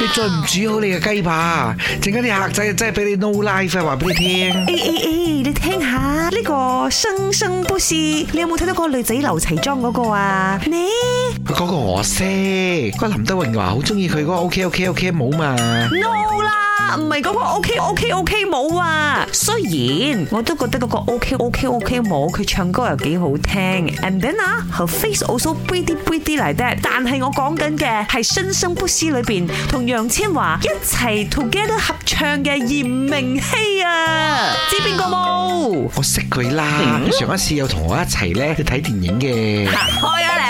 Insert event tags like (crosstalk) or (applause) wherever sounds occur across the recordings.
你再唔煮好你嘅雞扒，陣間啲客仔真係俾你 no life，話俾你聽。誒誒誒，你聽下呢、這個生生不息，你有冇睇到個女仔留齊裝嗰個啊？你。嗰個我識，嗰個林德榮話好中意佢嗰個 OK OK OK 舞嘛？No 啦，唔係嗰個 OK OK OK 舞啊。雖然我都覺得嗰個 OK OK OK 舞佢唱歌又幾好聽，And then 啊、uh,，her face also pretty pretty pretty、like、that, b r e t t y b r e t t y 嚟的。但係我講緊嘅係新生布斯里邊同楊千嬅一齊 together 合唱嘅嚴明熙啊，知邊個冇？我識佢啦，上一次有同我一齊咧去睇電影嘅。 (laughs) 開啊你！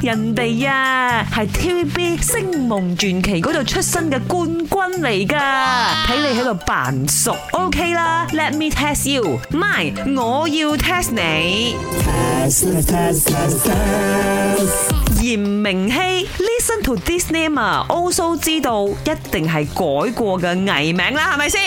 人哋啊，係 TVB《星夢傳奇》嗰度出身嘅冠軍嚟噶，睇你喺度扮熟，OK 啦，Let me test you，唔係，我要 test 你。嚴明熙，listen to this name 啊，also 知道一定係改過嘅藝名啦，係咪先？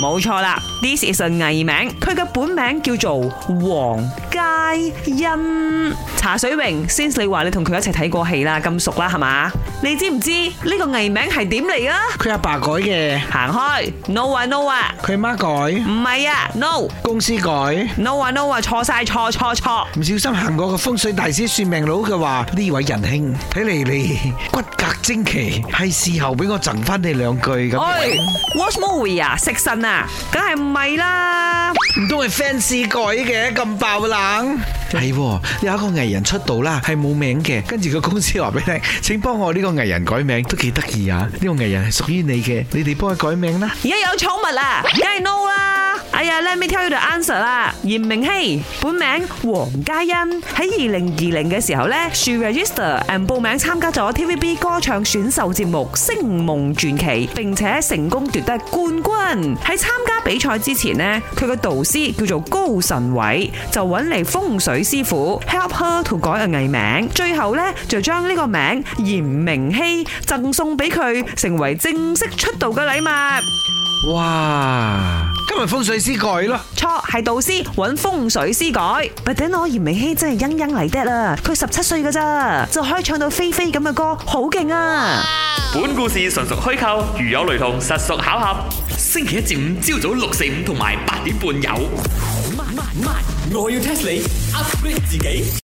冇錯啦，this is 個藝名，佢嘅本名叫做黃佳欣。茶水榮，先你話你同佢。佢一齊睇過戲啦，咁熟啦，係嘛？你知唔知呢個藝名係點嚟啊？佢阿爸改嘅。行開，no 啊 no 啊。佢阿媽改？唔係啊，no。公司改？no 啊 no 啊，錯晒錯錯錯。唔小心行過個風水大師算命佬嘅話，呢位仁兄，睇嚟你骨骼精奇，係事後俾我贈翻你兩句咁。哎，喂，嗯，What movie 啊？食神啊？梗係唔係啦粉絲。唔通係 fans 改嘅？咁爆冷？係，有一個藝人出道啦，係冇名嘅，跟住個公司話俾你聽，請幫我呢個藝人改名，都幾得意啊！呢個藝人係屬於你嘅，你哋幫佢改名啦。而家有寵物啦，梗係 no 啦。哎呀，Let me tell you to answer 啦。嚴明熙 (noise) 本名黃嘉欣，喺二零二零嘅時候呢 she register and 報名參加咗 TVB 歌唱選秀節目《星夢傳奇》，並且成功奪得冠軍。喺參加比賽之前呢，佢嘅導師叫做高晨偉，就揾嚟風水師傅 help her to 改個藝名，最後呢，就將呢個名嚴明熙贈送俾佢，成為正式出道嘅禮物。哇！今日風水師改咯，錯係導師揾風水師改，咪頂我嚴美希真係欣欣嚟得啦，佢十七歲噶咋，就可以唱到飛飛咁嘅歌，好勁啊！哇本故事純屬虛構，如有雷同，實屬巧合。星期一至五朝早六四五同埋八點半有。My, my, my. 我要 test 你 upgrade 自己。